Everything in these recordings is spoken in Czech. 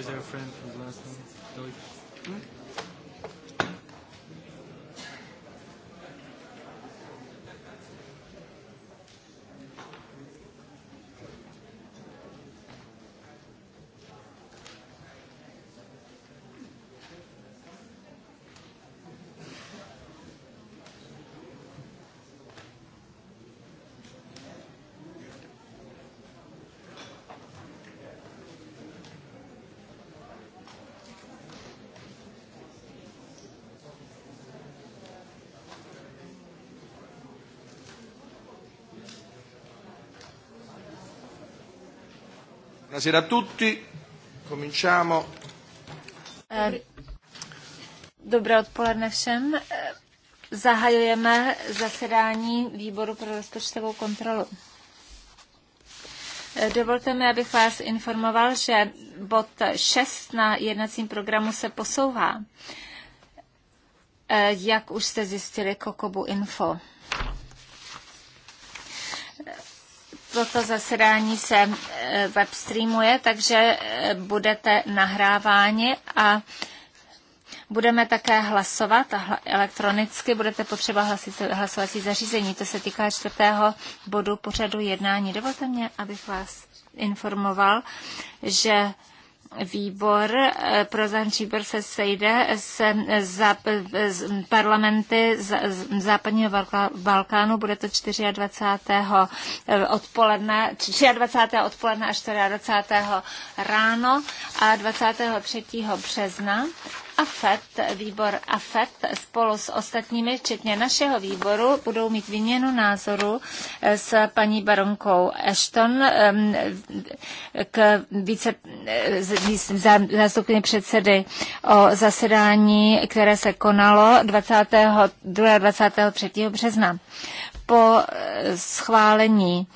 is our friend from the Buonasera a tutti. Cominciamo. Eh, dobré odpoledne všem. Zahajujeme zasedání výboru pro rozpočtovou kontrolu. Eh, dovolte mi, abych vás informoval, že bod 6 na jednacím programu se posouvá. Eh, jak už jste zjistili, Kokobu Info. toto zasedání se e, webstreamuje, takže e, budete nahráváni a budeme také hlasovat elektronicky budete potřeba hlasit, hlasovací zařízení. To se týká čtvrtého bodu pořadu jednání. Dovolte mě, abych vás informoval, že výbor pro zahraniční výbor se sejde se za, z parlamenty z, z západního Balkánu. Bude to 24. odpoledne, 24. odpoledne až 24. ráno a 23. března. AFET, výbor AFET spolu s ostatními, včetně našeho výboru, budou mít výměnu názoru eh, s paní baronkou Ashton k více eh, zástupně předsedy o zasedání, které se konalo 22. 23. března. Po eh, schválení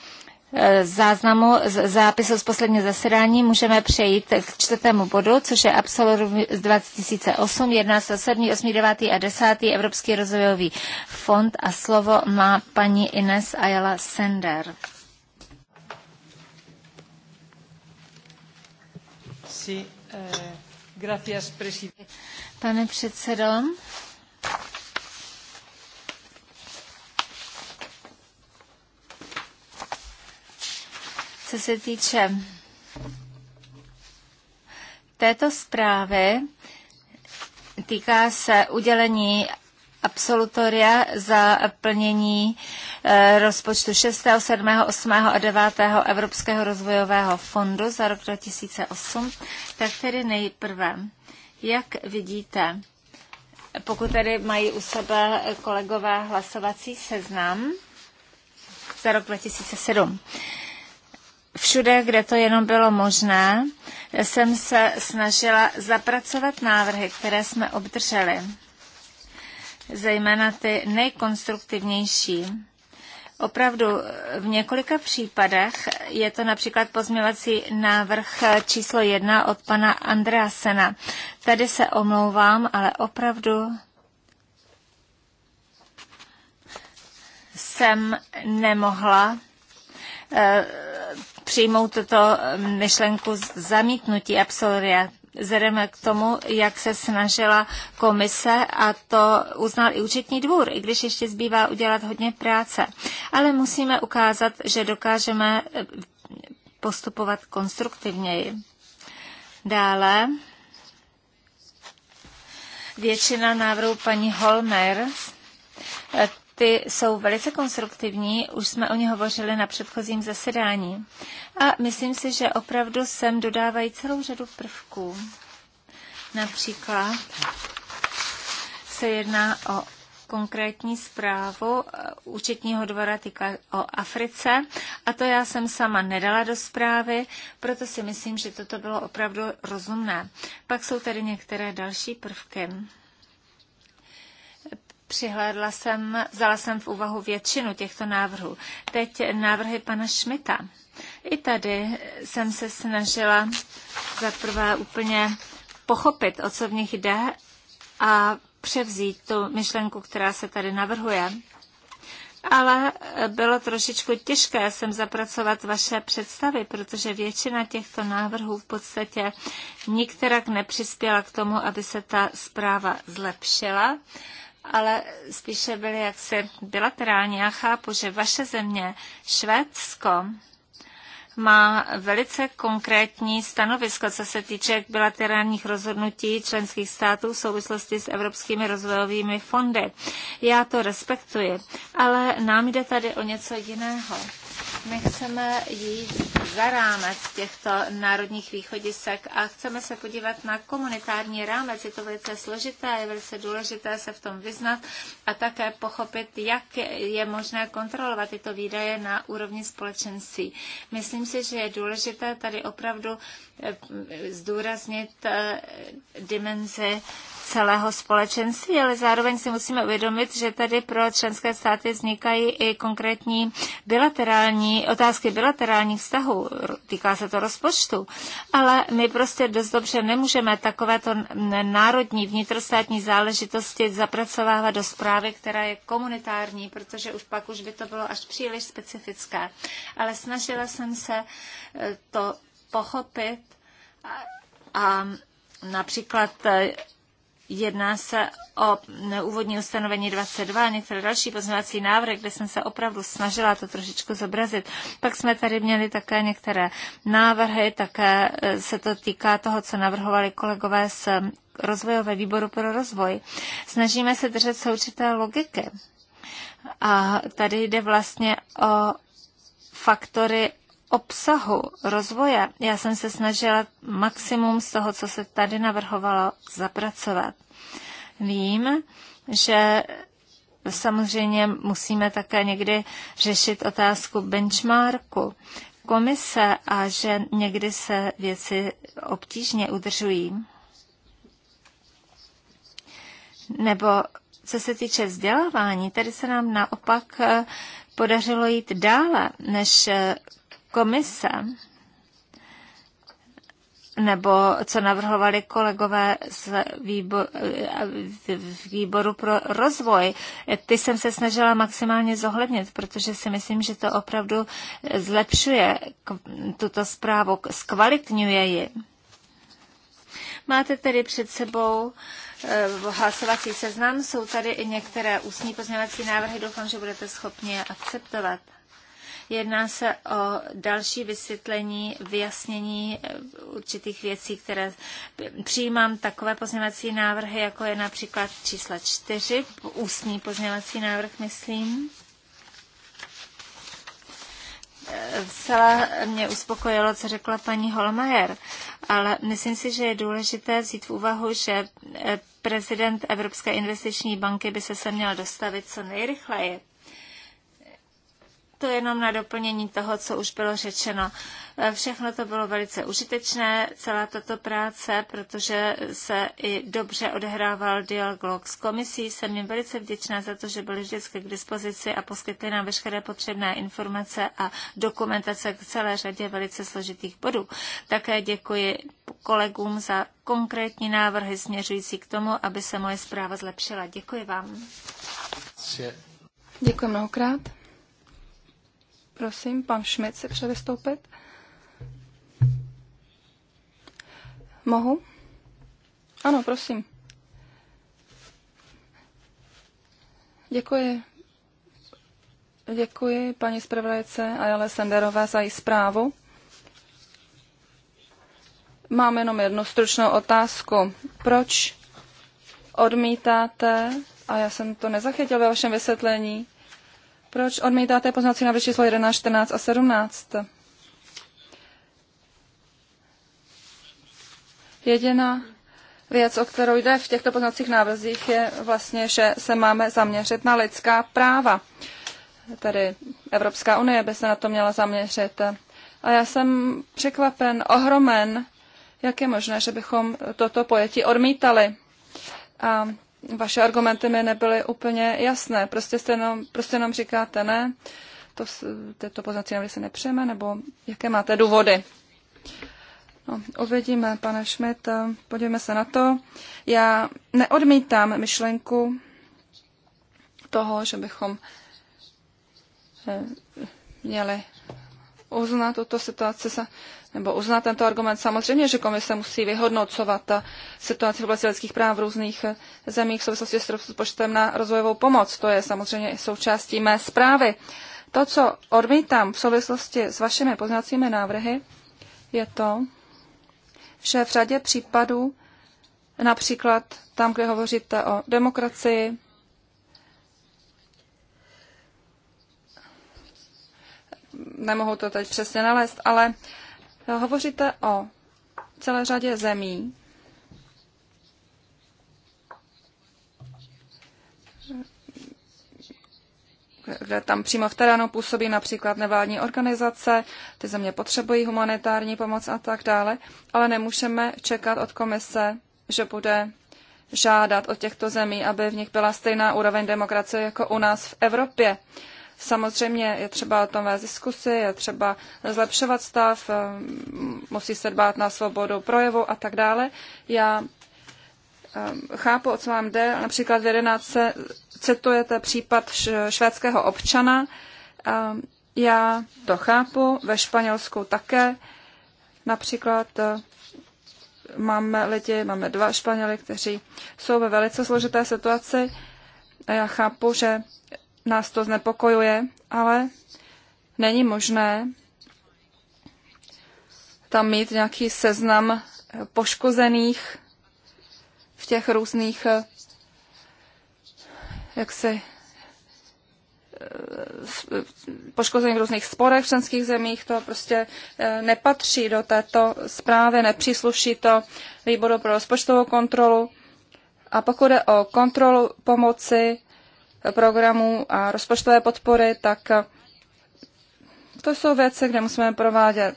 záznamu z zápisu z posledního zasedání můžeme přejít k čtvrtému bodu, což je Absolorum 2008, 11, 7, 8, 9 a 10 Evropský rozvojový fond a slovo má paní Ines Ayala Sender. Sí, eh, gracias, Pane předsedo, co se týče této zprávy, týká se udělení absolutoria za plnění eh, rozpočtu 6., 7., 8. a 9. Evropského rozvojového fondu za rok 2008. Tak tedy nejprve, jak vidíte, pokud tedy mají u sebe kolegové hlasovací seznam za rok 2007 všude, kde to jenom bylo možné, jsem se snažila zapracovat návrhy, které jsme obdrželi, zejména ty nejkonstruktivnější. Opravdu v několika případech je to například pozměvací návrh číslo jedna od pana Sena. Tady se omlouvám, ale opravdu jsem nemohla eh, přijmout tuto myšlenku zamítnutí absolvia. vzhledem k tomu, jak se snažila komise a to uznal i účetní dvůr, i když ještě zbývá udělat hodně práce. Ale musíme ukázat, že dokážeme eh, postupovat konstruktivněji. Dále většina návrhů paní Holmer eh, ty jsou velice konstruktivní, už jsme o ně hovořili na předchozím zasedání. A myslím si, že opravdu sem dodávají celou řadu prvků. Například se jedná o konkrétní zprávu eh, účetního dvora týká o Africe a to já jsem sama nedala do zprávy, proto si myslím, že toto bylo opravdu rozumné. Pak jsou tady některé další prvky. Přihlédla jsem, vzala jsem v úvahu většinu těchto návrhů. Teď návrhy pana Šmita. I tady jsem se snažila za prvé úplně pochopit, o co v nich jde a převzít tu myšlenku, která se tady navrhuje. Ale bylo trošičku těžké sem zapracovat vaše představy, protože většina těchto návrhů v podstatě nikterak nepřispěla k tomu, aby se ta zpráva zlepšila ale spíše byly jaksi bilaterální. Já chápu, že vaše země, Švédsko, má velice konkrétní stanovisko, co se týče bilaterálních rozhodnutí členských států v souvislosti s evropskými rozvojovými fondy. Já to respektuji, ale nám jde tady o něco jiného. My chceme jít za rámec těchto národních východisek a chceme se podívat na komunitární rámec. Je to velice složité, je velice důležité se v tom vyznat a také pochopit, jak je možné kontrolovat tyto výdaje na úrovni společenství. Myslím si, že je důležité tady opravdu eh, zdůraznit eh, dimenzi celého společenství, ale zároveň si musíme uvědomit, že tady pro členské státy vznikají i konkrétní bilaterální otázky bilaterálních vztahů. Týká se to rozpočtu, ale my prostě dost dobře nemůžeme takovéto národní vnitrostátní záležitosti zapracovávat do zprávy, která je komunitární, protože už pak už by to bylo až příliš specifické. Ale snažila jsem se e, to pochopit a, a například e, Jedná se o úvodní ustanovení 22 a některé další pozměňovací návrhy, kde jsem se opravdu snažila to trošičku zobrazit. Pak jsme tady měli také některé návrhy, také e, se to týká toho, co navrhovali kolegové z rozvojové výboru pro rozvoj. Snažíme se držet se logiky. A tady jde vlastně o faktory obsahu rozvoje já jsem se snažila maximum z toho, co se tady navrhovalo, zapracovat. Vím, že samozřejmě musíme také někdy řešit otázku benchmarku komise a že někdy se věci obtížně udržují. Nebo co se týče vzdělávání, tady se nám naopak eh, podařilo jít dále než eh, komise nebo co navrhovali kolegové z výboru, výboru pro rozvoj. Ty jsem se snažila maximálně zohlednit, protože si myslím, že to opravdu zlepšuje tuto zprávu, zkvalitňuje ji. Máte tedy před sebou eh, hlasovací seznam, jsou tady i některé ústní pozměňovací návrhy, doufám, že budete schopni je akceptovat. Jedná se o další vysvětlení, vyjasnění eh, určitých věcí, které přijímám takové pozměvací návrhy, jako je například čísla čtyři ústní pozměvací návrh, myslím eh, celá mě uspokojilo, co řekla paní Holmajer, ale myslím si, že je důležité vzít v úvahu, že eh, prezident Evropské investiční banky by se se měl dostavit co nejrychleji to jenom na doplnění toho, co už bylo řečeno. Eh, Všechno to bylo velice užitečné, celá tato práce, protože se i dobře odehrával dialog s komisí. Jsem jim velice vděčná za to, že byli vždycky k dispozici a poskytli nám veškeré potřebné informace a dokumentace k celé řadě velice složitých bodů. Také děkuji kolegům za konkrétní návrhy směřující k tomu, aby se moje zpráva zlepšila. Děkuji vám. Děkuji mnohokrát. Prosím, pan Šmit se přeje vystoupit. Mohu? Ano, prosím. Děkuji. Děkuji paní zpravodajce Ajale Senderové za její zprávu. Mám jenom jednu stručnou otázku. Proč odmítáte, a já jsem to nezachytil ve vašem vysvětlení, proč odmítáte poznací návrh číslo 11, 14 a 17? Jediná věc, o kterou jde v těchto poznacích návrzích, je vlastně, že se máme zaměřit na lidská práva. Tedy Evropská unie by se na to měla zaměřit. A já jsem překvapen, ohromen, jak je možné, že bychom toto pojetí odmítali. A vaše argumenty mi nebyly úplně jasné. Prostě, jste jenom, prostě jenom říkáte ne, to, tyto poznací návrhy se nepřejeme, nebo jaké máte důvody? No, uvidíme, pane Schmidt, podívejme se na to. Já neodmítám myšlenku toho, že bychom eh, měli uzná tuto situaci se, nebo uzná tento argument. Samozřejmě, že komise musí vyhodnocovat eh, situaci v oblasti lidských práv v různých eh, zemích v souvislosti s rozpočtem na rozvojovou pomoc. To je samozřejmě součástí mé zprávy. To, co odmítám v souvislosti s vašimi poznacími návrhy, je to, že v řadě případů, například tam, kde hovoříte o demokracii, nemohu to teď přesně nalézt, ale hovoříte o celé řadě zemí, kde tam přímo v terénu působí například nevládní organizace, ty země potřebují humanitární pomoc a tak dále, ale nemůžeme čekat od komise, že bude žádat od těchto zemí, aby v nich byla stejná úroveň demokracie jako u nás v Evropě. Uh, Samozřejmě je třeba o tom vést diskusy, je třeba zlepšovat stav, eh, musí se dbát na svobodu projevu a tak dále. Já eh, chápu, o co vám jde. Například v 11. citujete případ švédského občana. Eh, já to chápu, ve Španělsku také. Například máme lidi, máme dva Španěly, kteří jsou ve velice složité situaci. A já chápu, že nás to znepokojuje, ale není možné tam mít nějaký seznam poškozených v těch různých eh, jak se eh, poškozených v různých sporech v členských zemích, to prostě eh, nepatří do této zprávy, nepřísluší to výboru pro rozpočtovou kontrolu. A pokud je o kontrolu pomoci, programů a rozpočtové podpory, tak to jsou věci, kde musíme provádět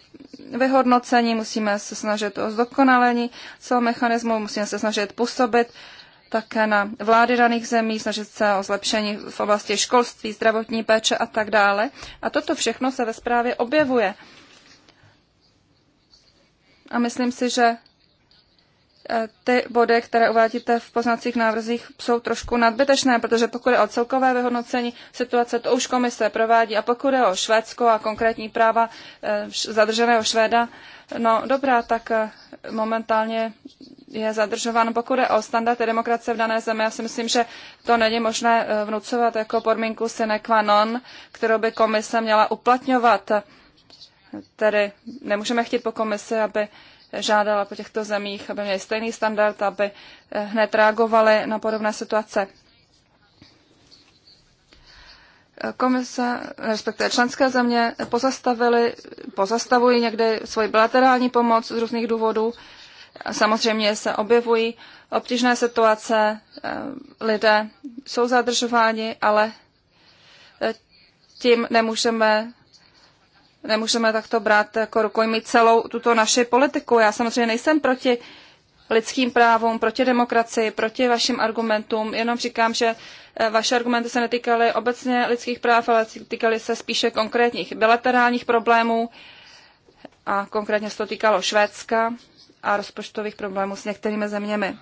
vyhodnocení, musíme se snažit o zdokonalení celého mechanismu, musíme se snažit působit také na vlády daných zemí, snažit se o zlepšení v oblasti školství, zdravotní péče a tak dále. A toto všechno se ve zprávě objevuje. A myslím si, že Eh, ty body, které uvádíte v poznacích návrzích, jsou trošku nadbytečné, protože pokud je o celkové vyhodnocení situace, to už komise provádí. A pokud je o Švédsko a konkrétní práva eh, zadrženého Švéda, no dobrá, tak eh, momentálně je zadržován. Pokud je o standardy demokracie v dané zemi, já si myslím, že to není možné vnucovat jako podmínku sine qua non, kterou by komise měla uplatňovat. Tedy nemůžeme chtít po komisi, aby žádala po těchto zemích, aby měli stejný standard, aby eh, hned reagovali na podobné situace. Eh, komise, respektive členské země, pozastavili, pozastavují někdy svoji bilaterální pomoc z různých důvodů. Samozřejmě se objevují obtížné situace, eh, lidé jsou zadržováni, ale tím nemůžeme nemůžeme takto brát jako rukojmí celou tuto naši politiku. Já samozřejmě nejsem proti lidským právům, proti demokracii, proti vašim argumentům. Jenom říkám, že eh, vaše argumenty se netýkaly obecně lidských práv, ale týkaly se spíše konkrétních bilaterálních problémů a konkrétně se to týkalo Švédska a rozpočtových problémů s některými zeměmi.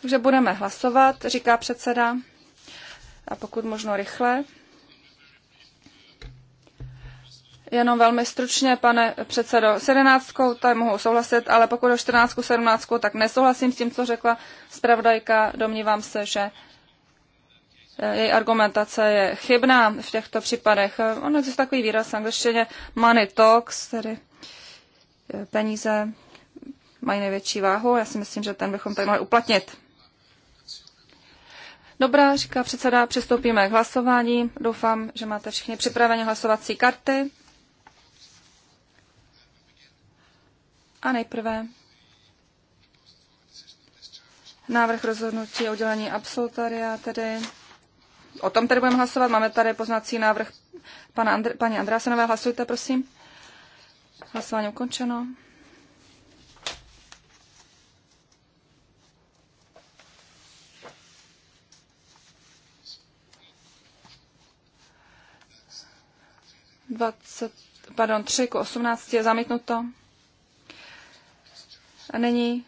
Takže budeme hlasovat, říká předseda, a pokud možno rychle. Jenom velmi stručně, pane předsedo, s jedenáctkou tady mohu souhlasit, ale pokud o 14, 17, tak nesouhlasím s tím, co řekla zpravodajka. Domnívám se, že eh, její argumentace je chybná v těchto případech. On existuje takový výraz v angličtině money talks, tedy eh, peníze mají největší váhu. Já si myslím, že ten bychom tady mohli uplatnit. Dobrá, říká předseda, přistoupíme k hlasování. Doufám, že máte všichni připraveni hlasovací karty. A nejprve návrh rozhodnutí o udělení absolutoria tedy o tom tedy budeme hlasovat. Máme tady poznací návrh pana Andr- paní Andrásenové. Hlasujte, prosím. Hlasování ukončeno. Dvacet, pardon, tři k 18 je zamítnuto. A nyní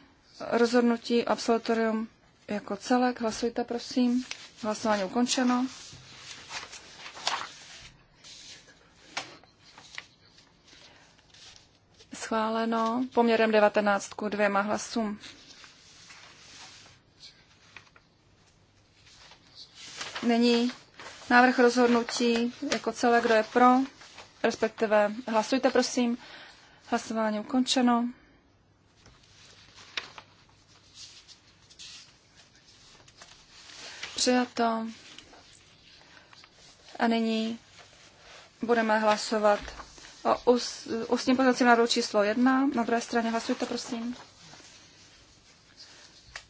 rozhodnutí absolutorium jako celek. Hlasujte, prosím. Hlasování ukončeno. Schváleno poměrem 19 ku dvěma hlasům. Není návrh rozhodnutí jako celé, kdo je pro, respektive hlasujte, prosím. Hlasování ukončeno. Přijato. A nyní budeme hlasovat o úst, ústním pozvacím návrhu číslo 1. Na druhé straně hlasujte, prosím.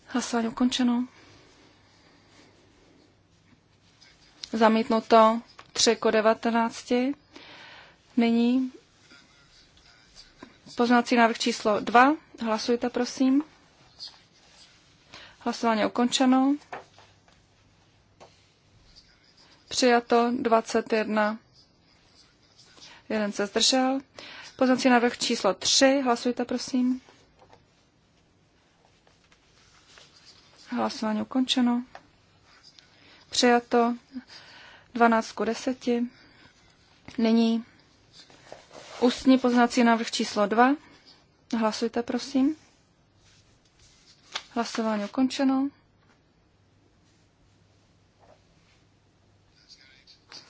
Hlasování ukončeno. Zamítnuto 3 k 19. Nyní poznací návrh číslo 2. Hlasujte, prosím. Hlasování ukončeno přijato 21, jeden se zdržel. Poznací návrh číslo 3, hlasujte prosím. Hlasování ukončeno. Přijato 12 k 10. Nyní ústní poznací návrh číslo 2. Hlasujte, prosím. Hlasování ukončeno.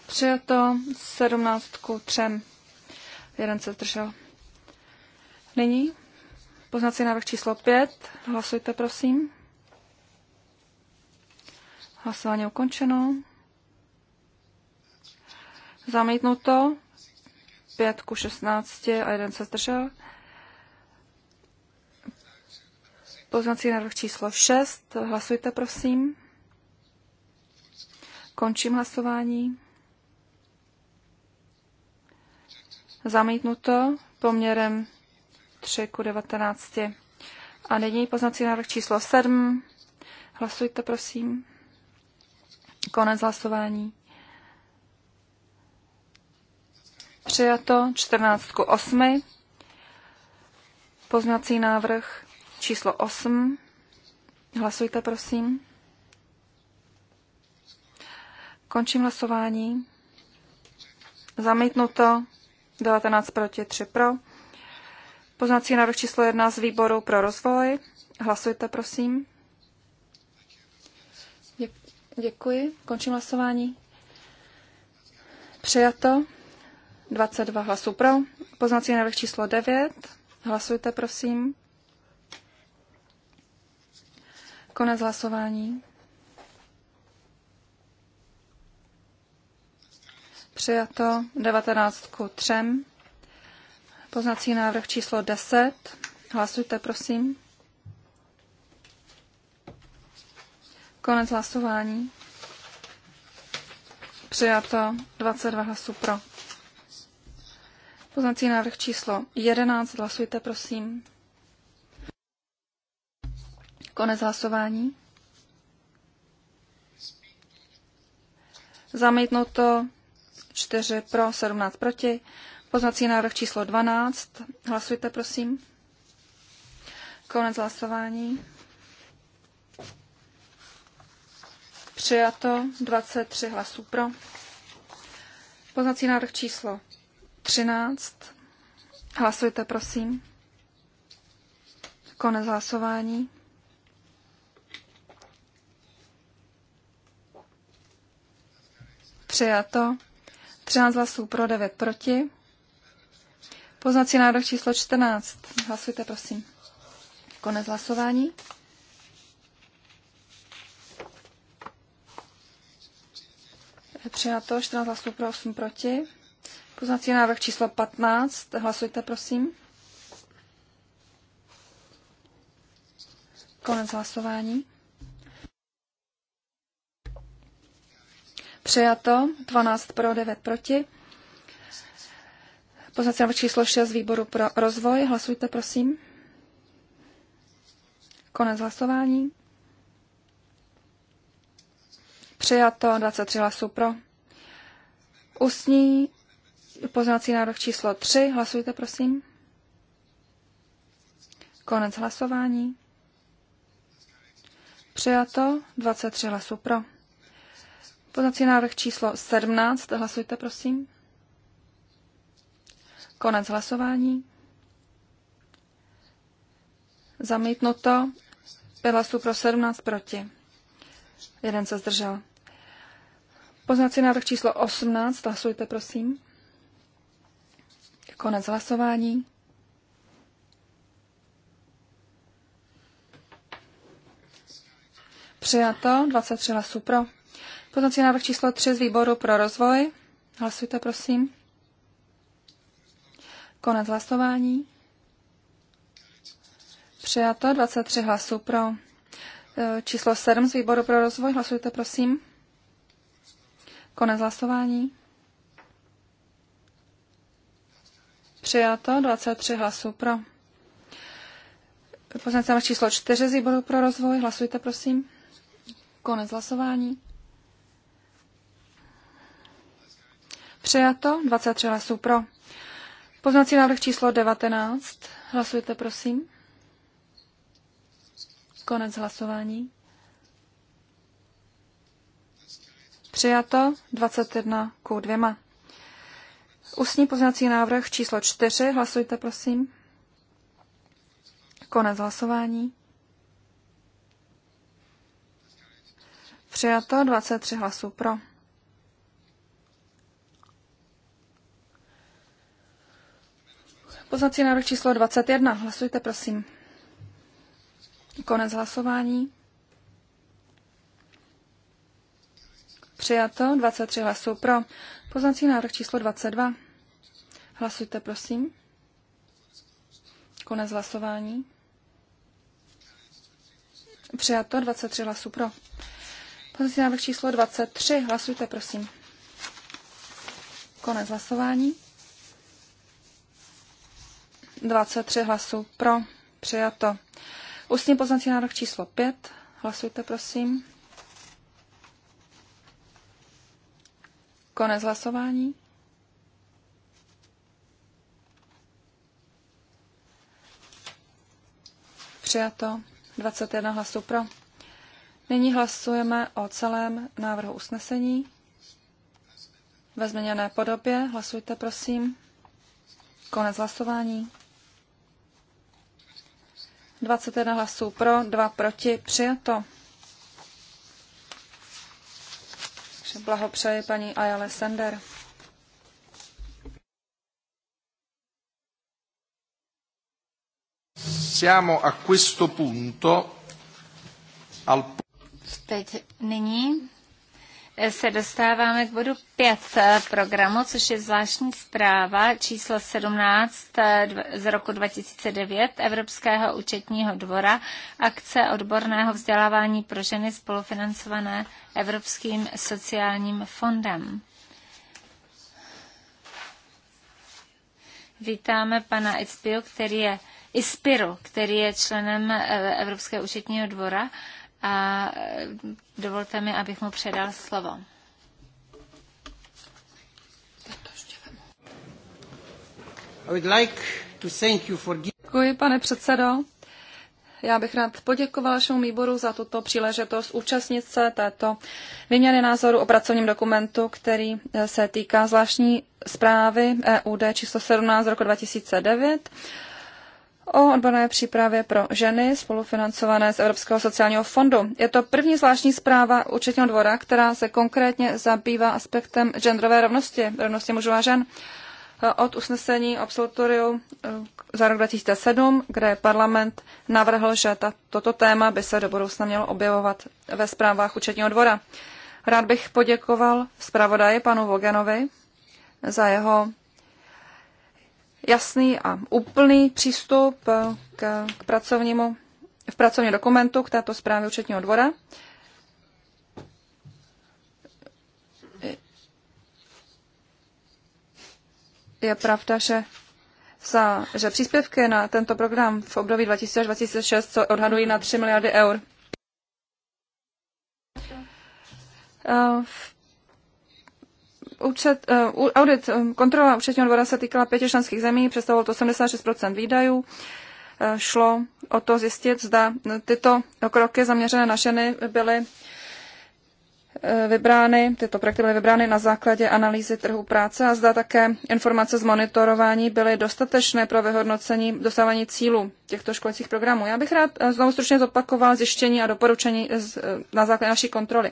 Přijato 17 ku 3. Jeden se zdržel. Nyní poznací návrh číslo 5. Hlasujte, prosím. Hlasování ukončeno. Zamítnuto. 5 ku 16 a jeden se zdržel. Poznací návrh číslo 6. Hlasujte, prosím. Končím hlasování. Zamítnuto poměrem 3 ku 19. A nyní poznací návrh číslo 7. Hlasujte, prosím. Konec hlasování. Přijato 14 ku 8. Poznací návrh číslo 8. Hlasujte, prosím. Končím hlasování. Zamítnuto 19 proti, 3 pro. Poznací návrh číslo 1 z výboru pro rozvoj. Hlasujte, prosím. Děkuji. Končím hlasování. Přijato. 22 hlasů pro. Poznací návrh číslo 9. Hlasujte, prosím. Konec hlasování. Přijato 19 ku 3. Poznací návrh číslo 10. Hlasujte, prosím. Konec hlasování. Přijato 22 hlasů pro. Poznací návrh číslo 11. Hlasujte, prosím. Konec hlasování. Zamítnuto 4 pro, 17 proti. Poznací návrh číslo 12. Hlasujte, prosím. Konec hlasování. Přijato 23 hlasů pro. Poznací návrh číslo 13. Hlasujte, prosím. Konec hlasování. Přijato 13 hlasů pro, 9 proti. Poznací návrh číslo 14. Hlasujte, prosím. Konec hlasování. Přijato 14 hlasů pro, 8 proti. Poznací návrh číslo 15. Hlasujte, prosím. Konec hlasování. Přijato. 12 pro, 9 proti. Poznací návrh číslo 6 výboru pro rozvoj. Hlasujte, prosím. Konec hlasování. Přijato 23 hlasů pro. Ústní poznací návrh číslo 3. Hlasujte, prosím. Konec hlasování. Přijato 23 hlasů pro. Poznací návrh číslo 17. Hlasujte, prosím. Konec hlasování. Zamítnuto. 5 hlasů pro 17 proti. Jeden se zdržel. Poznací návrh číslo 18. Hlasujte, prosím. Konec hlasování. Přijato. 23 hlasů pro. Poznací návrh číslo 3 z výboru pro rozvoj. Hlasujte, prosím. Konec hlasování. Přijato 23 hlasů pro. E, číslo 7 z výboru pro rozvoj. Hlasujte, prosím. Konec hlasování. Přijato 23 hlasů pro. Poslanec číslo 4 z výboru pro rozvoj. Hlasujte, prosím. Konec hlasování. Přijato 23 hlasů pro. Poznací návrh číslo 19. Hlasujte, prosím. Konec hlasování. Přijato 21 ku 2. Ústní poznací návrh číslo 4. Hlasujte, prosím. Konec hlasování. Přijato 23 hlasů pro. Poznací návrh číslo 21. Hlasujte, prosím. Konec hlasování. Přijato 23 hlasů pro. Poznací návrh číslo 22. Hlasujte, prosím. Konec hlasování. Přijato 23 hlasů pro. Poznací návrh číslo 23. Hlasujte, prosím. Konec hlasování. 23 hlasů pro, přijato. Ústní poznací nárok číslo 5. Hlasujte, prosím. Konec hlasování. Přijato 21 hlasů pro. Nyní hlasujeme o celém návrhu usnesení. Ve změněné podobě hlasujte, prosím. Konec hlasování. 21 hlasů pro, 2 proti, přijato. Takže blahopřeji paní Ayale Sender. Siamo a questo punto al... Teď nyní se dostáváme k bodu 5 eh, programu, což je zvláštní zpráva číslo 17 eh, z roku 2009 Evropského účetního dvora, akce odborného vzdělávání pro ženy spolufinancované Evropským sociálním fondem. Vítáme pana Ispiru, který je, Ispiru, který je členem eh, Evropského účetního dvora a eh, dovolte mi, abych mu předal slovo. Děkuji, pane předsedo. Já bych rád poděkoval vašemu výboru za tuto příležitost účastnit se této vyměny názoru o pracovním dokumentu, který eh, se týká zvláštní zprávy EUD číslo 17 z roku 2009 o odborné přípravě pro ženy spolufinancované z Evropského sociálního fondu. Je to první zvláštní zpráva účetního dvora, která se konkrétně zabývá aspektem genderové rovnosti, rovnosti mužů a žen od usnesení absolutoriu eh, za rok 2007, kde parlament navrhl, že ta, toto téma by se do budoucna mělo objevovat ve zprávách účetního dvora. Rád bych poděkoval zpravodaji panu Vogenovi za jeho jasný a úplný přístup eh, k, k pracovnímu, v pracovním dokumentu k této zprávě účetního dvora. Je pravda, že za, že příspěvky na tento program v období 2026 se odhadují na 3 miliardy eur. Eh, v Účet, uh, audit, eh, kontrola účetního dvora se týkala pěti členských zemí, představovalo to 86% výdajů. Uh, šlo o to zjistit, zda tyto kroky zaměřené na ženy byly vybrány, tyto projekty byly vybrány na základě analýzy trhu práce a zda také informace z monitorování byly dostatečné pro vyhodnocení dosávání cílů těchto školicích programů. Já bych rád znovu stručně zopakoval zjištění a doporučení na základě naší kontroly.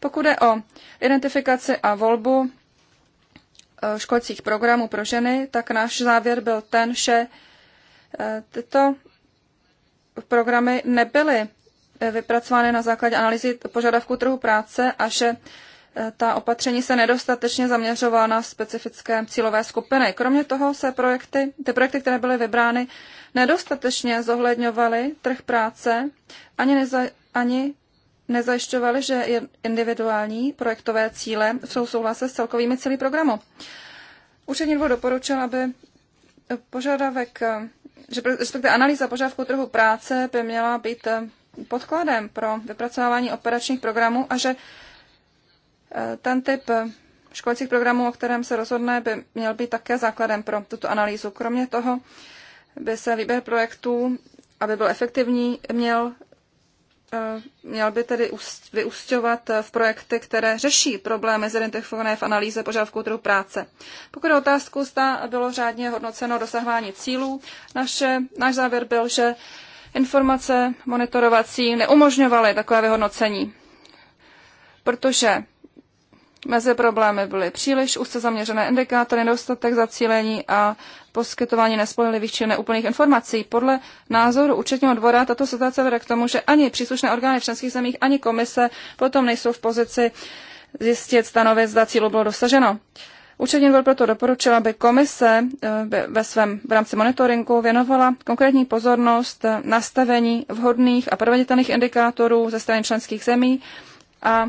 Pokud je o identifikaci a volbu Eh, školcích programů pro ženy, tak náš závěr byl ten, že eh, tyto programy nebyly eh, vypracovány na základě analýzy požadavků trhu práce a že ta opatření se nedostatečně zaměřovala na specifické cílové skupiny. Kromě toho se projekty, ty projekty, které byly vybrány, nedostatečně zohledňovaly trh práce, ani, neza, ani nezajišťovaly, že individuální projektové cíle jsou souhlase s celkovými cíly programu. Učení dvou doporučil, aby požadavek, že respektive analýza požadavku trhu práce by měla být podkladem pro vypracování operačních programů a že eh, ten typ školcích programů, o kterém se rozhodne, by měl být také základem pro tuto analýzu. Kromě toho by se výběr projektů, aby byl efektivní, měl Eh, měl by tedy vyústěvat eh, v projekty, které řeší problémy zidentifikované v analýze požadavků trhu práce. Pokud je otázku, zda bylo řádně hodnoceno dosahování cílů, naše, náš závěr byl, že informace monitorovací neumožňovaly takové vyhodnocení, protože Mezi problémy byly příliš úzce zaměřené indikátory, nedostatek zacílení a poskytování nespolehlivých či neúplných informací. Podle názoru účetního dvora tato situace vede k tomu, že ani příslušné orgány v členských zemích, ani komise potom nejsou v pozici zjistit, stanovit, zda cílu bylo dosaženo. Účetní dvor proto doporučila, aby komise eh, ve svém v rámci monitoringu věnovala konkrétní pozornost eh, nastavení vhodných a proveditelných indikátorů ze strany členských zemí a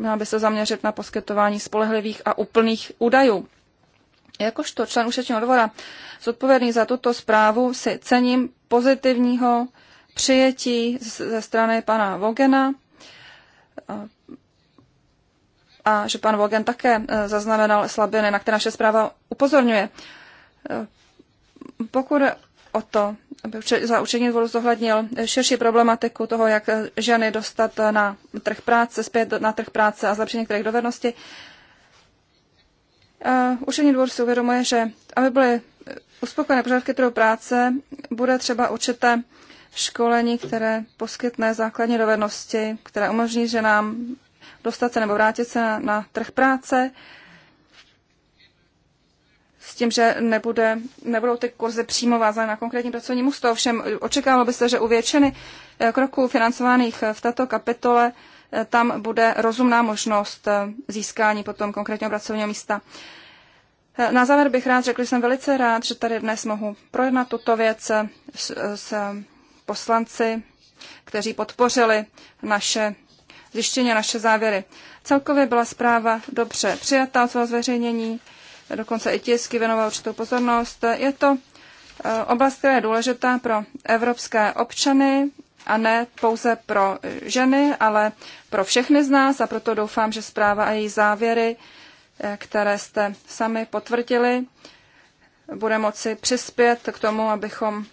Měla by se zaměřit na poskytování spolehlivých a úplných údajů. Jakožto člen ušetřeného dvora zodpovědný za tuto zprávu si cením pozitivního přijetí ze strany pana Vogena a že pan Vogen také e, zaznamenal slabiny, na které naše zpráva upozorňuje. E, pokud o to, aby za učení dvoru zohlednil širší problematiku toho, jak ženy dostat na trh práce, zpět na trh práce a zlepšení některých dovedností. E, učení dvoru si uvědomuje, že aby byly uspokojené požadavky trhu práce, bude třeba určité školení, které poskytne základní dovednosti, které umožní že nám dostat se nebo vrátit se na, na trh práce s tím, že nebude, nebudou ty kurzy přímo vázané na konkrétní pracovní místo. Ovšem očekávalo by se, že u většiny eh, kroků financovaných eh, v této kapitole eh, tam bude rozumná možnost získání potom konkrétního pracovního místa. Na závěr bych rád řekl, že jsem velice rád, že tady dnes mohu projednat tuto věc s, s poslanci, kteří podpořili naše zjištění, naše závěry. Celkově byla zpráva dobře Přijatá od svého zveřejnění dokonce i tisky věnoval určitou pozornost. Je to eh, oblast, která je důležitá pro evropské občany a ne pouze pro ženy, ale pro všechny z nás a proto doufám, že zpráva a její závěry, eh, které jste sami potvrdili, bude moci přispět k tomu, abychom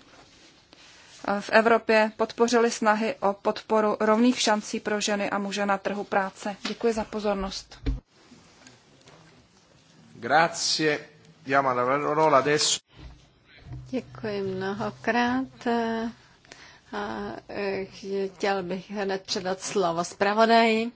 eh, v Evropě podpořili snahy o podporu rovných šancí pro ženy a muže na trhu práce. Děkuji za pozornost. Grazie. Diamo la parola adesso. Děkuji mnohokrát. A eh, chtěl bych hned předat slovo zpravodaji.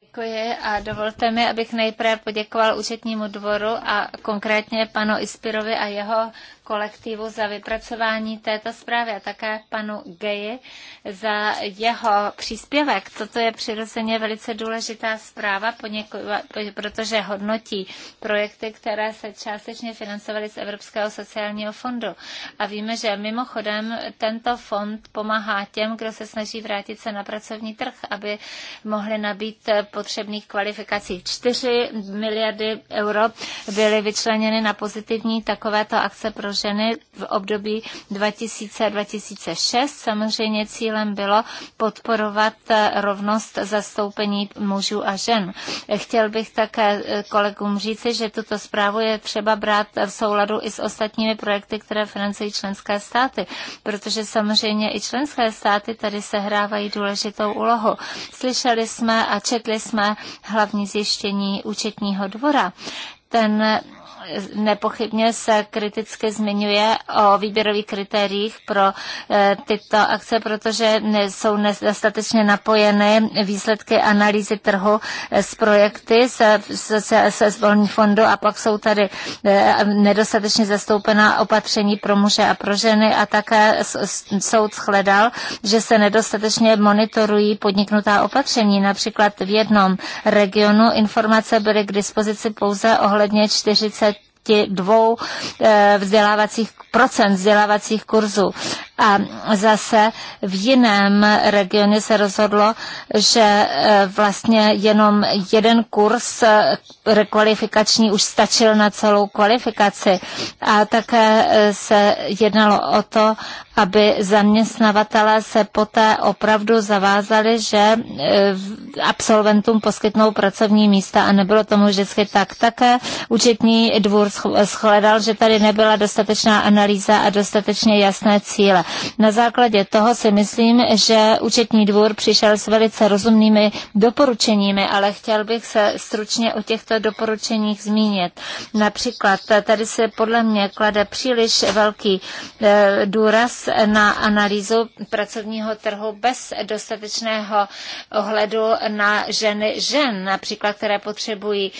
Děkuji a dovolte mi, abych nejprve poděkoval účetnímu dvoru a konkrétně panu Ispirovi a jeho kolektivu za vypracování této zprávy a také panu Geji za jeho příspěvek. Toto je přirozeně velice důležitá zpráva, protože hodnotí projekty, které se částečně financovaly z Evropského sociálního fondu. A víme, že mimochodem tento fond pomáhá těm, kdo se snaží vrátit se na pracovní trh, aby mohli nabít potřebných kvalifikací. 4 miliardy euro byly vyčleněny na pozitivní takovéto akce pro ženy v období 2000-2006. Samozřejmě cílem bylo podporovat eh, rovnost zastoupení mužů a žen. Chtěl bych také eh, kolegům říci, že tuto zprávu je třeba brát v souladu i s ostatními projekty, které financují členské státy, protože samozřejmě i členské státy tady sehrávají důležitou úlohu. Slyšeli jsme a četli jsme hlavní zjištění účetního dvora. Ten nepochybně se kriticky zmiňuje o výběrových kritériích pro eh, tyto akce, protože jsou nedostatečně napojené výsledky analýzy trhu z eh, projekty se, se, se se zvolní fondu a pak jsou tady eh, nedostatečně zastoupená opatření pro muže a pro ženy a také soud shledal, že se nedostatečně monitorují podniknutá opatření. Například v jednom regionu informace byly k dispozici pouze ohledně 40 dvou eh, vzdělávacích procent vzdělávacích kurzů. A zase v jiném regionu se rozhodlo, že e, vlastně jenom jeden kurz e, rekvalifikační už stačil na celou kvalifikaci. A také e, se jednalo o to, aby zaměstnavatelé se poté opravdu zavázali, že absolventům poskytnou pracovní místa a nebylo tomu vždycky tak. Také účetní dvůr shledal, že tady nebyla dostatečná analýza a dostatečně jasné cíle. Na základě toho si myslím, že účetní dvůr přišel s velice rozumnými doporučeními, ale chtěl bych se stručně o těchto doporučeních zmínit. Například tady se podle mě klade příliš velký eh, důraz na analýzu pracovního trhu bez dostatečného ohledu na ženy žen, například, které potřebují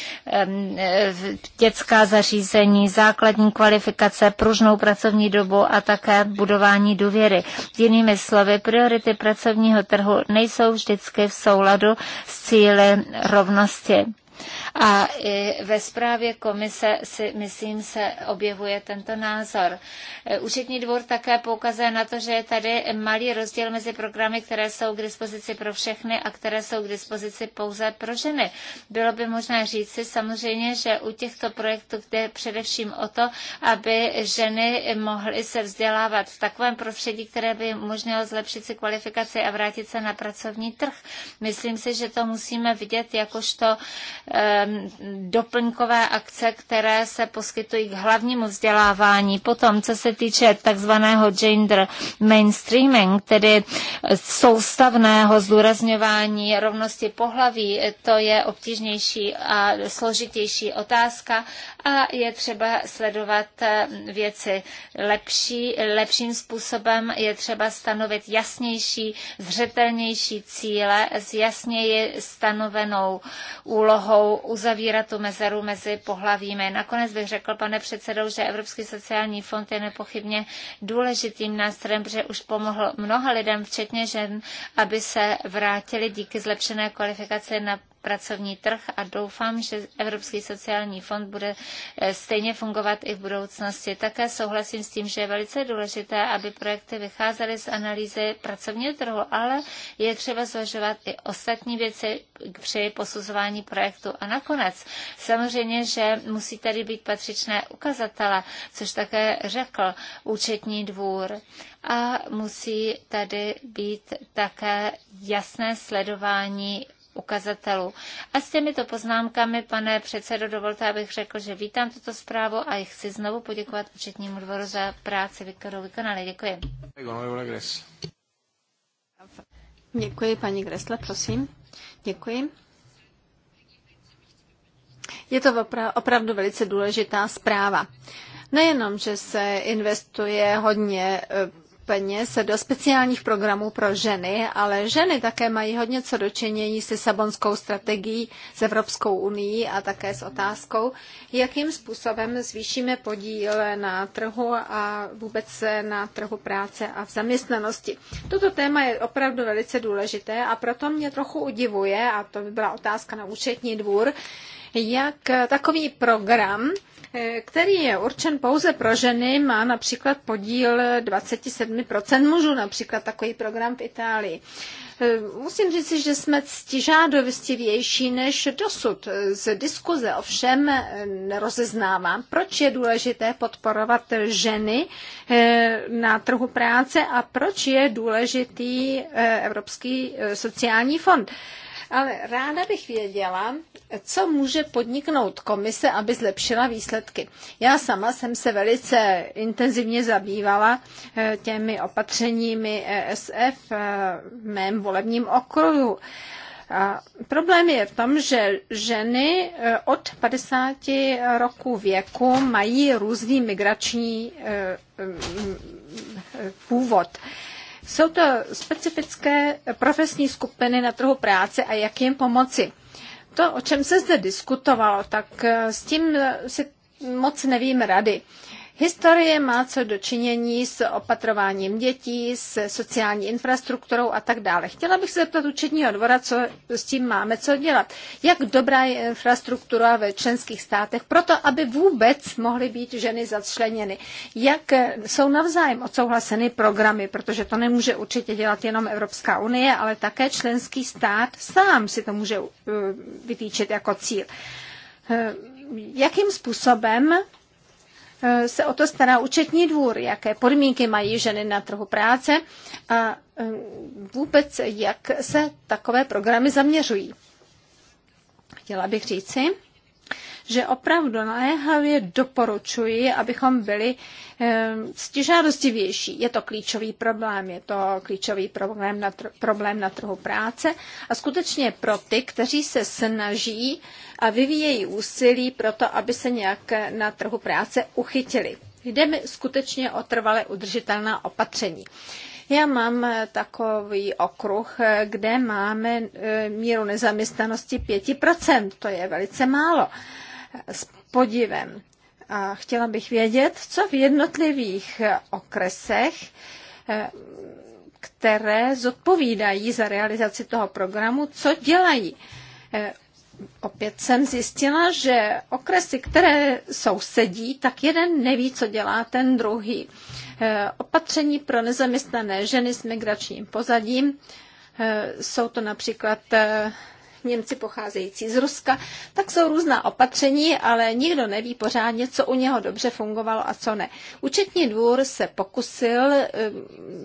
dětská zařízení, základní kvalifikace, pružnou pracovní dobu a také budování důvěry. Jinými slovy, priority pracovního trhu nejsou vždycky v souladu s cíle rovnosti. A i ve zprávě komise si, myslím, se objevuje tento názor. E, účetní dvůr také poukazuje na to, že je tady malý rozdíl mezi programy, které jsou k dispozici pro všechny a které jsou k dispozici pouze pro ženy. Bylo by možné říci samozřejmě, že u těchto projektů jde především o to, aby ženy mohly se vzdělávat v takovém prostředí, které by jim umožnilo zlepšit si kvalifikaci a vrátit se na pracovní trh. Myslím si, že to musíme vidět jakožto e, Um, doplňkové akce, které se poskytují k hlavnímu vzdělávání. Potom, co se týče takzvaného gender mainstreaming, tedy soustavného zdůrazňování rovnosti pohlaví, to je obtížnější a složitější otázka a je třeba sledovat eh, věci lepší, lepším způsobem, je třeba stanovit jasnější, zřetelnější cíle s jasněji stanovenou úlohou uzavírat tu mezeru mezi pohlavími. Nakonec bych řekl, pane předsedou, že Evropský sociální fond je nepochybně důležitým nástrojem, protože už pomohl mnoha lidem, včetně žen, aby se vrátili díky zlepšené kvalifikaci na pracovní trh a doufám, že Evropský sociální fond bude eh, stejně fungovat i v budoucnosti. Také souhlasím s tím, že je velice důležité, aby projekty vycházely z analýzy pracovního trhu, ale je třeba zvažovat i ostatní věci při posuzování projektu. A nakonec, samozřejmě, že musí tady být patřičné ukazatele, což také řekl účetní dvůr. A musí tady být také jasné sledování ukazatelů. A s těmito poznámkami, pane předsedo, dovolte, abych řekl, že vítám tuto zprávu a chci znovu poděkovat účetnímu dvoru za práci, kterou vykonali. Děkuji. Děkuji, paní Gresle, prosím. Děkuji. Je to opravdu velice důležitá zpráva. Nejenom, že se investuje hodně eh, peněz do speciálních programů pro ženy, ale ženy také mají hodně co dočinění se Sabonskou strategií, s Evropskou unii a také s otázkou, jakým způsobem zvýšíme podíl na trhu a vůbec na trhu práce a v zaměstnanosti. Toto téma je opravdu velice důležité a proto mě trochu udivuje, a to by byla otázka na účetní dvůr, jak eh, takový program, eh, který je určen pouze pro ženy, má například podíl 27% mužů, například takový program v Itálii. Eh, musím říct, že jsme ctižádovistivější než dosud. Z diskuze ovšem rozeznávám, proč je důležité podporovat ženy na trhu práce a proč je důležitý Evropský sociální fond. Ale ráda bych věděla, co může podniknout komise, aby zlepšila výsledky. Já sama jsem se velice intenzivně zabývala eh, těmi opatřeními ESF eh, v mém volebním okruhu. A problém je v tom, že ženy eh, od 50 roku věku mají různý migrační původ. Jsou to specifické profesní skupiny na trhu práce a jak jim pomoci. To, o čem se zde diskutovalo, tak eh, s tím eh, si moc nevím rady. Historie má co dočinění s opatrováním dětí, s sociální infrastrukturou a tak dále. Chtěla bych se zeptat účetního dvora, co s tím máme co dělat. Jak dobrá je infrastruktura ve členských státech proto, aby vůbec mohly být ženy začleněny? Jak jsou navzájem odsouhlaseny programy, protože to nemůže určitě dělat jenom Evropská unie, ale také členský stát sám si to může eh, vytýčit jako cíl. Eh, jakým způsobem Eh, se o to stará účetní dvůr, jaké podmínky mají ženy na trhu práce a eh, vůbec jak se takové programy zaměřují. Chtěla bych říci, že opravdu naléhavě doporučuji, abychom byli stižádostivější. Je to klíčový problém, je to klíčový problém na, tr- problém na trhu práce a skutečně pro ty, kteří se snaží a vyvíjejí úsilí pro to, aby se nějak na trhu práce uchytili. Jde mi skutečně o trvale udržitelná opatření. Já mám takový okruh, kde máme e, míru nezaměstnanosti 5%, to je velice málo s podivem. A chtěla bych vědět, co v jednotlivých okresech eh, které zodpovídají za realizaci toho programu, co dělají. Eh, opět jsem zjistila, že okresy, které sousedí, tak jeden neví, co dělá ten druhý. Eh, opatření pro nezaměstnané ženy s migračním pozadím jsou to například Němci pocházející z Ruska, tak jsou různá opatření, ale nikdo neví pořádně, co u něho dobře fungovalo a co ne. Účetní dvůr se pokusil eh,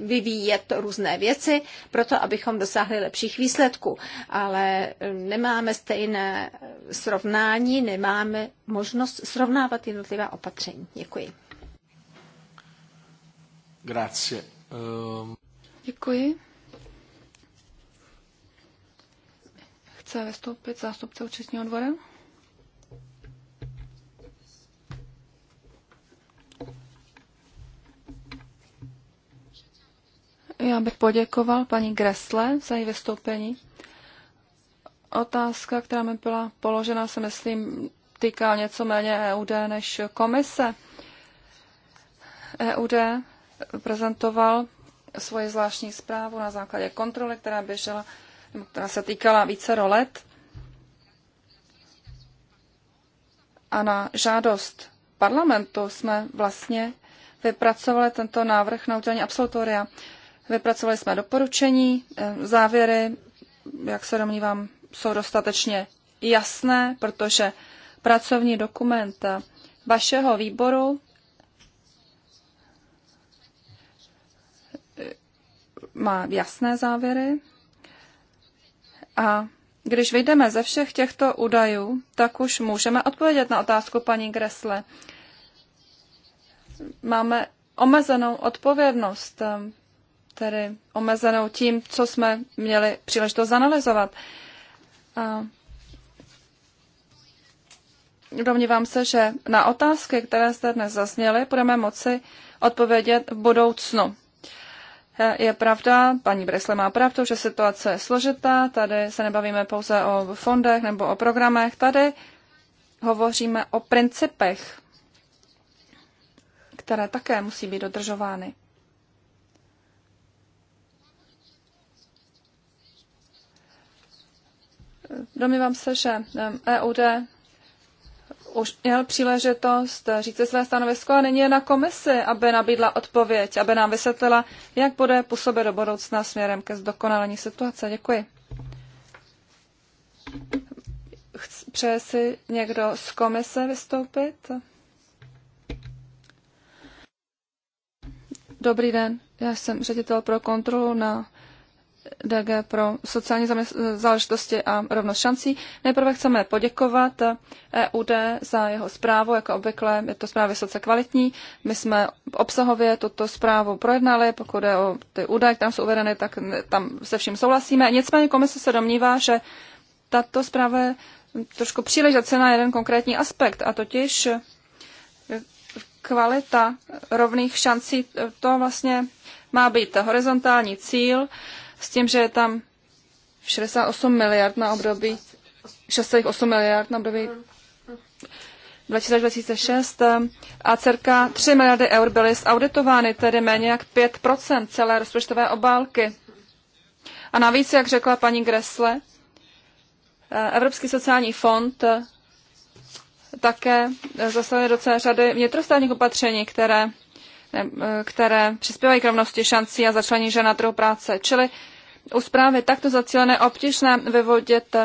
vyvíjet různé věci, proto abychom dosáhli lepších výsledků, ale eh, nemáme stejné eh, srovnání, nemáme možnost srovnávat jednotlivá opatření. Děkuji. Grazie. Um... Děkuji. chce vystoupit zástupce účetního dvora? Já bych poděkoval paní Gresle za její vystoupení. Otázka, která mi byla položena, se myslím, týká něco méně EUD než komise. EUD prezentoval svoji zvláštní zprávu na základě kontroly, která běžela která se týkala více rolet A na žádost parlamentu jsme vlastně vypracovali tento návrh na udělení absolutoria. Vypracovali jsme doporučení, eh, závěry, jak se domnívám, jsou dostatečně jasné, protože pracovní dokument vašeho výboru eh, má jasné závěry a když vyjdeme ze všech těchto údajů, tak už můžeme odpovědět na otázku paní Gresle. Máme omezenou odpovědnost, tedy omezenou tím, co jsme měli příležitost zanalizovat. A domnívám se, že na otázky, které zde dnes zazněly, budeme moci odpovědět v budoucnu. Je pravda, paní Bresle má pravdu, že situace je složitá. Tady se nebavíme pouze o fondech nebo o programech. Tady hovoříme o principech, které také musí být dodržovány. Domnívám se, že EUD eh, e už měl příležitost říci své stanovisko a není je na komisi, aby nabídla odpověď, aby nám vysvětlila, jak bude působit do budoucna směrem ke zdokonalení situace. Děkuji. Přeje si někdo z komise vystoupit? Dobrý den, já jsem ředitel pro kontrolu na DG pro sociální záležitosti a rovnost šancí. Nejprve chceme poděkovat EUD za jeho zprávu, jako obvykle je to zpráva vysoce kvalitní. My jsme obsahově tuto zprávu projednali, pokud je o ty údaje, které jsou uvedeny, tak tam se vším souhlasíme. Nicméně komise se domnívá, že tato zpráva je trošku příliš zacena jeden konkrétní aspekt, a totiž kvalita rovných šancí, to vlastně má být horizontální cíl, s tím, že je tam 68 miliard na období, 6,8 miliard na období 2006 eh, a cirka 3 miliardy eur byly zauditovány, tedy méně jak 5 celé rozpočtové obálky. A navíc, jak řekla paní Gresle, eh, Evropský sociální fond eh, také zasahuje do celé řady vnitrostátních opatření, které, které přispívají k rovnosti šancí a začlení žen na trhu práce. Čili u zprávy takto zacílené obtížné vyvodit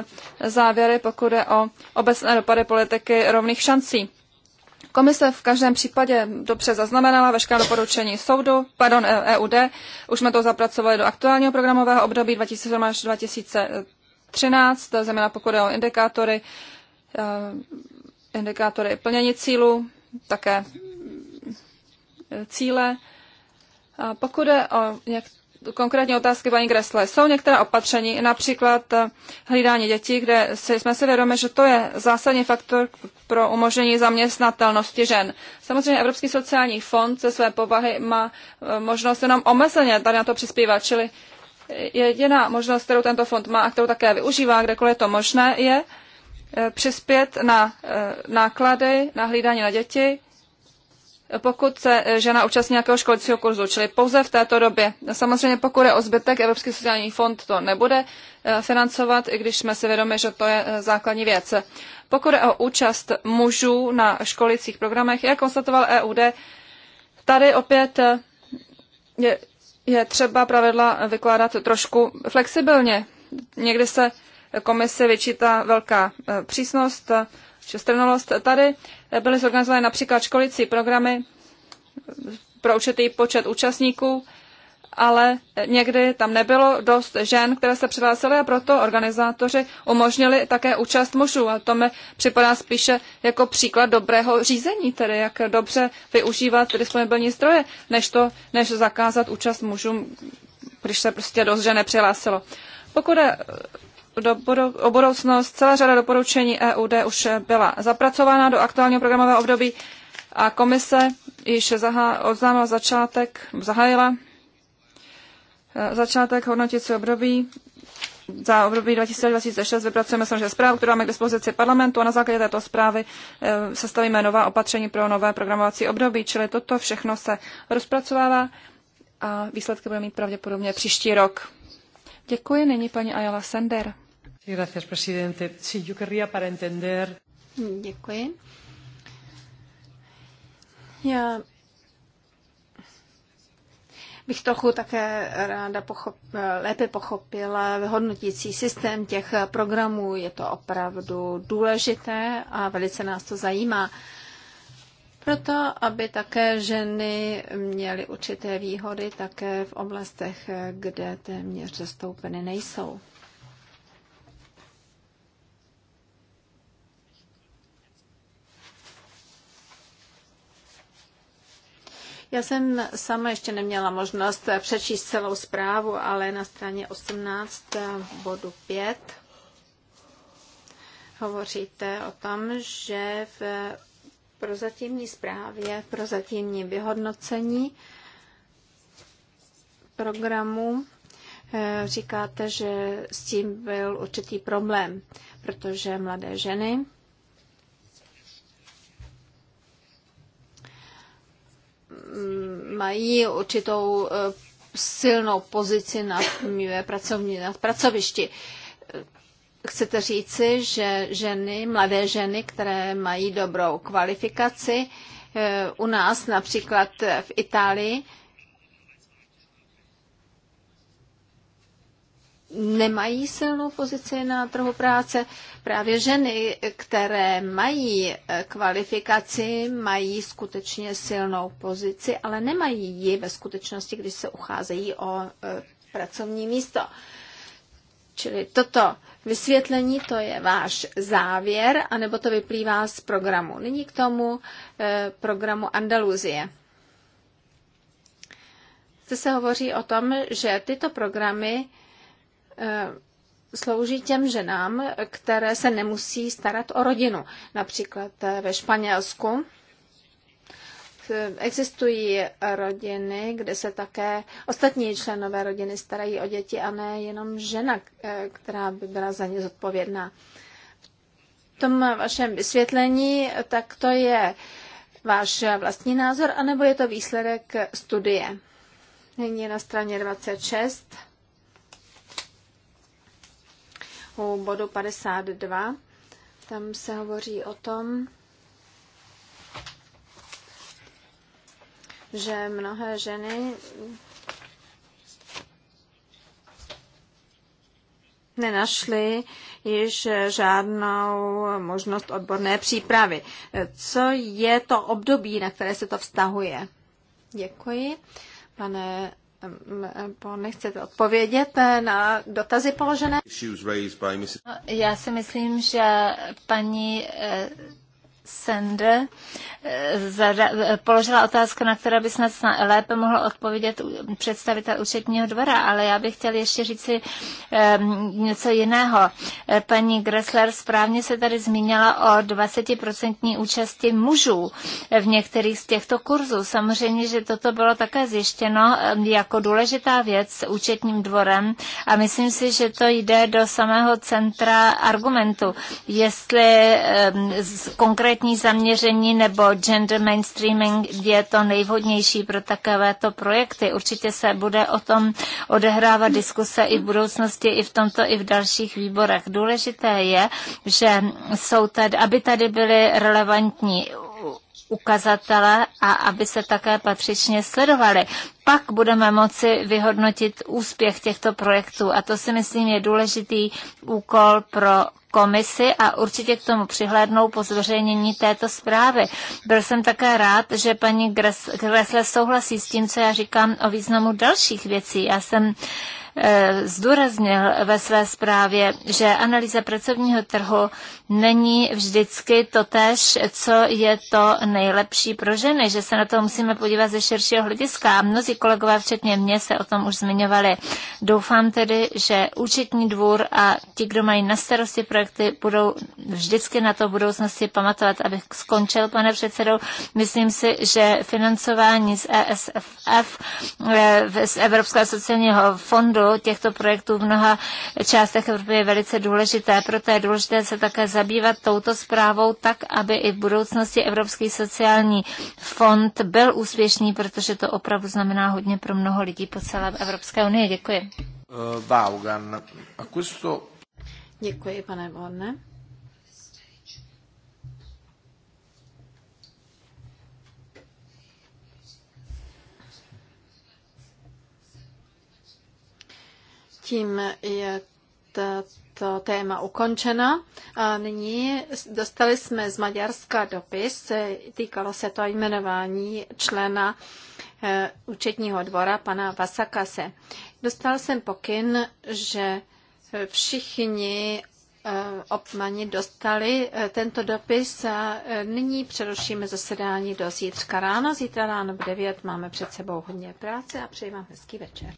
závěry, pokud je o obecné dopady politiky rovných šancí. Komise v každém případě dobře zaznamenala veškerá doporučení soudu, pardon, EUD. Už jsme to zapracovali do aktuálního programového období 2007 2013, zejména pokud je o indikátory, eh, indikátory plnění cílu, také eh, cíle. pokud je o konkrétní otázky paní Gresle. Jsou některá opatření, například eh, hlídání dětí, kde jsme si vědomi, že to je zásadní faktor pro umožnění zaměstnatelnosti žen. Samozřejmě Evropský sociální fond ze své povahy má eh, možnost jenom omezeně tady na to přispívat, čili jediná možnost, kterou tento fond má a kterou také využívá, kdekoliv je to možné, je eh, přispět na náklady na hlídání na děti pokud se eh, žena účastní nějakého školicího kurzu, čili pouze v této době. Samozřejmě pokud je o zbytek, Evropský sociální fond to nebude eh, financovat, i když jsme si vědomi, že to je eh, základní věc. Pokud je o účast mužů na školicích programech, jak konstatoval EUD, tady opět je, je třeba pravidla vykládat trošku flexibilně. Někdy se komisi vyčítá velká přísnost, všestrannost. Tady eh, byly zorganizovány například školicí programy eh, pro určitý počet účastníků, ale eh, někdy tam nebylo dost žen, které se přihlásily a proto organizátoři umožnili také účast mužů. A to mi připadá spíše jako příklad dobrého řízení, tedy jak dobře využívat disponibilní zdroje, než, to, než zakázat účast mužům, když se prostě dost žen nepřihlásilo. Pokud je do, o budoucnost. Celá řada doporučení EUD už byla zapracována do aktuálního programového období a komise již oznámila začátek, zahájila e, začátek hodnotící období. Za období 2006 vypracujeme samozřejmě zprávu, kterou máme k dispozici parlamentu a na základě této zprávy e, sestavíme nová opatření pro nové programovací období, čili toto všechno se rozpracovává a výsledky budeme mít pravděpodobně příští rok. Děkuji, nyní paní Ayala Sender. Gracias, presidente. Sí, yo querría para entender... Děkuji. Já bych trochu také ráda pochop, lépe pochopila hodnotící systém těch programů. Je to opravdu důležité a velice nás to zajímá. Proto, aby také ženy měly určité výhody také v oblastech, kde téměř zastoupeny nejsou. Já jsem sama ještě neměla možnost přečíst celou zprávu, ale na straně 18 bodu 5 hovoříte o tom, že v prozatímní zprávě, prozatímní vyhodnocení programu eh, říkáte, že s tím byl určitý problém, protože mladé ženy Mm, mají určitou eh, silnou pozici na pracovní, na pracovišti. Chcete říci, že ženy, mladé ženy, které mají dobrou kvalifikaci, eh, u nás například v Itálii, nemají silnou pozici na trhu práce. Právě ženy, které mají eh, kvalifikaci, mají skutečně silnou pozici, ale nemají ji ve skutečnosti, když se ucházejí o eh, pracovní místo. Čili toto vysvětlení, to je váš závěr, anebo to vyplývá z programu. Nyní k tomu eh, programu Andaluzie. Zde se hovoří o tom, že tyto programy Eh, slouží těm ženám, které se nemusí starat o rodinu. Například eh, ve Španělsku eh, existují rodiny, kde se také ostatní členové rodiny starají o děti a ne jenom žena, která by byla za ně zodpovědná. V tom vašem vysvětlení, tak to je váš vlastní názor, anebo je to výsledek studie? Nyní na straně 26. u bodu 52. Tam se hovoří o tom, že mnohé ženy nenašly již žádnou možnost odborné přípravy. Co je to období, na které se to vztahuje? Děkuji. Pane nechcete odpovědět eh, na dotazy položené? Já si myslím, že paní eh, Sende eh, položila otázku, na kterou by snad lépe mohl odpovědět představitel účetního dvora, ale já bych chtěl ještě říci ehm, něco jiného. Eh, paní Gressler správně se tady zmínila o 20% účasti mužů eh, v některých z těchto kurzů. Samozřejmě, že toto bylo také zjištěno ehm, jako důležitá věc s účetním dvorem a myslím si, že to jde do samého centra argumentu, jestli ehm, konkrétně konkrétní zaměření nebo gender mainstreaming je to nejvhodnější pro takovéto projekty. Určitě se bude o tom odehrávat diskuse i v budoucnosti, i v tomto, i v dalších výborech. Důležité je, že jsou tady, aby tady byly relevantní ukazatele a aby se také patřičně sledovaly. Pak budeme moci vyhodnotit úspěch těchto projektů a to si myslím je důležitý úkol pro komisi a určitě k tomu přihlédnou po zveřejnění této zprávy. Byl jsem také rád, že paní Gressler souhlasí s tím, co já říkám o významu dalších věcí. Já jsem eh, zdůraznil ve své zprávě, že analýza pracovního trhu není vždycky to tež, co je to nejlepší pro ženy, že se na to musíme podívat ze širšího hlediska. A mnozí kolegové, včetně mě, se o tom už zmiňovali. Doufám tedy, že účetní dvůr a ti, kdo mají na starosti projekty, budou vždycky na to v budoucnosti pamatovat, abych skončil, pane předsedou. Myslím si, že financování z ESFF, eh, z Evropského sociálního fondu těchto projektů v mnoha částech Evropy je velice důležité. Proto je důležité se také zabývat touto zprávou tak, aby i v budoucnosti Evropský sociální fond byl úspěšný, protože to opravdu znamená hodně pro mnoho lidí po celé Evropské unii. Děkuji. Vaughan. Eh, A questo... Děkuji, pane Borne. Tím, jak to téma ukončeno. A nyní dostali jsme z Maďarska dopis, týkalo se to jmenování člena eh, účetního dvora, pana Vasakase. Dostal jsem pokyn, že všichni eh, obmani dostali eh, tento dopis a nyní přerušíme zasedání do zítřka ráno. Zítra ráno v 9 máme před sebou hodně práce a přeji vám hezký večer.